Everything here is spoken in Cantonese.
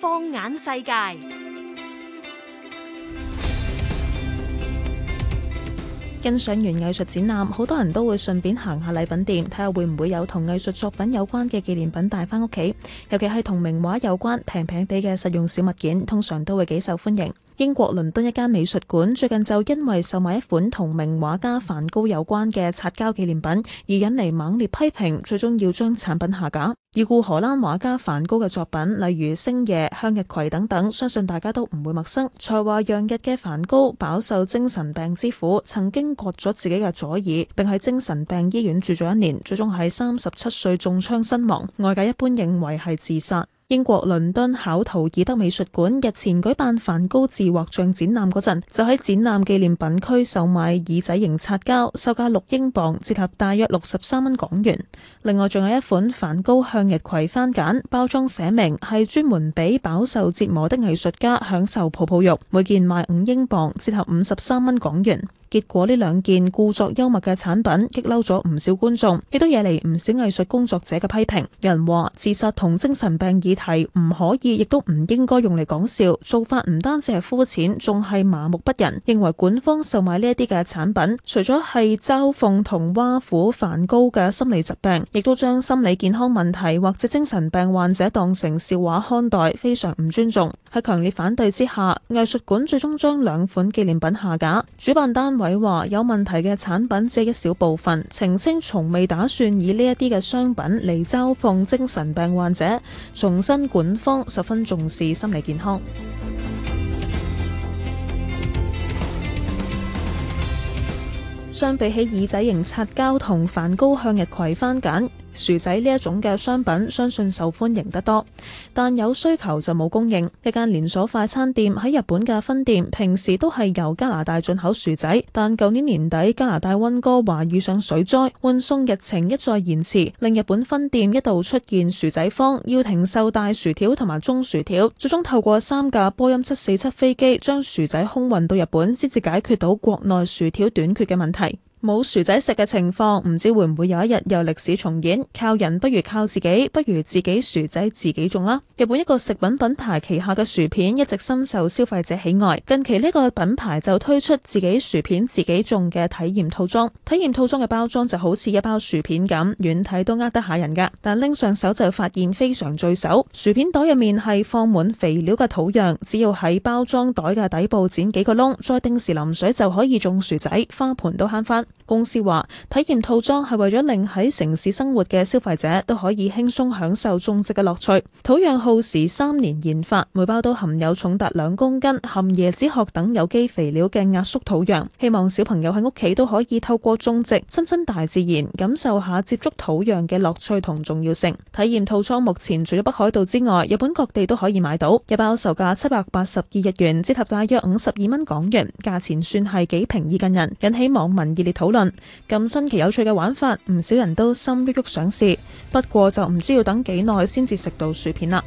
放眼世界，欣賞完藝術展覽，好多人都會順便行下禮品店，睇下會唔會有同藝術作品有關嘅紀念品帶返屋企。尤其係同名畫有關平平地嘅實用小物件，通常都會幾受歡迎。英國倫敦一間美術館最近就因為售賣一款同名畫家梵高有關嘅擦膠紀念品而引嚟猛烈批評，最終要將產品下架。已故荷蘭畫家梵高嘅作品，例如《星夜》、《向日葵》等等，相信大家都唔會陌生。才華洋溢嘅梵高飽受精神病之苦，曾經割咗自己嘅左耳，並喺精神病醫院住咗一年，最終喺三十七歲中槍身亡。外界一般認為係自殺。英國倫敦考陶爾德美術館日前舉辦梵高自畫像展覽嗰陣，就喺展覽紀念品區售賣耳仔形擦膠，售價六英鎊，折合大約六十三蚊港元。另外，仲有一款梵高向日葵番梘，包裝寫明係專門俾飽受折磨的藝術家享受泡泡浴，每件賣五英鎊，折合五十三蚊港元。結果呢兩件故作幽默嘅產品激嬲咗唔少觀眾，亦都惹嚟唔少藝術工作者嘅批評。有人話自殺同精神病議題唔可以，亦都唔應該用嚟講笑，做法唔單止係膚淺，仲係麻木不仁。認為館方售賣呢一啲嘅產品，除咗係嘲諷同挖苦梵高嘅心理疾病，亦都將心理健康問題或者精神病患者當成笑話看待，非常唔尊重。喺強烈反對之下，藝術館最終將兩款紀念品下架。主辦單位。佢話有問題嘅產品只係一小部分，澄清從未打算以呢一啲嘅商品嚟嘲諷精神病患者，重新管方十分重視心理健康。相比起耳仔型擦膠同梵高向日葵番梘，薯仔呢一種嘅商品，相信受歡迎得多，但有需求就冇供應。一間連鎖快餐店喺日本嘅分店，平時都係由加拿大進口薯仔，但舊年年底加拿大溫哥華遇上水災，運送日程一再延遲，令日本分店一度出現薯仔荒，要停售大薯條同埋中薯條，最終透過三架波音七四七飛機將薯仔空運到日本，先至解決到國內薯條短缺嘅問題。冇薯仔食嘅情況，唔知會唔會有一日又歷史重演？靠人不如靠自己，不如自己薯仔自己種啦。日本一個食品品牌旗下嘅薯片一直深受消費者喜愛。近期呢個品牌就推出自己薯片自己種嘅體驗套裝。體驗套裝嘅包裝就好似一包薯片咁，遠睇都呃得下人㗎，但拎上手就發現非常墜手。薯片袋入面係放滿肥料嘅土壤，只要喺包裝袋嘅底部剪幾個窿，再定時淋水就可以種薯仔，花盆都慳翻。公司話：體驗套裝係為咗令喺城市生活嘅消費者都可以輕鬆享受種植嘅樂趣。土壤耗時三年研發，每包都含有重達兩公斤、含椰子殼等有機肥料嘅壓縮土壤。希望小朋友喺屋企都可以透過種植，親親大自然，感受下接觸土壤嘅樂趣同重要性。體驗套裝目前除咗北海道之外，日本各地都可以買到，一包售價七百八十二日元，折合大約五十二蚊港元，價錢算係幾平易近人，引起網民熱烈討論。咁新奇有趣嘅玩法，唔少人都心郁郁想試，不過就唔知要等幾耐先至食到薯片啦。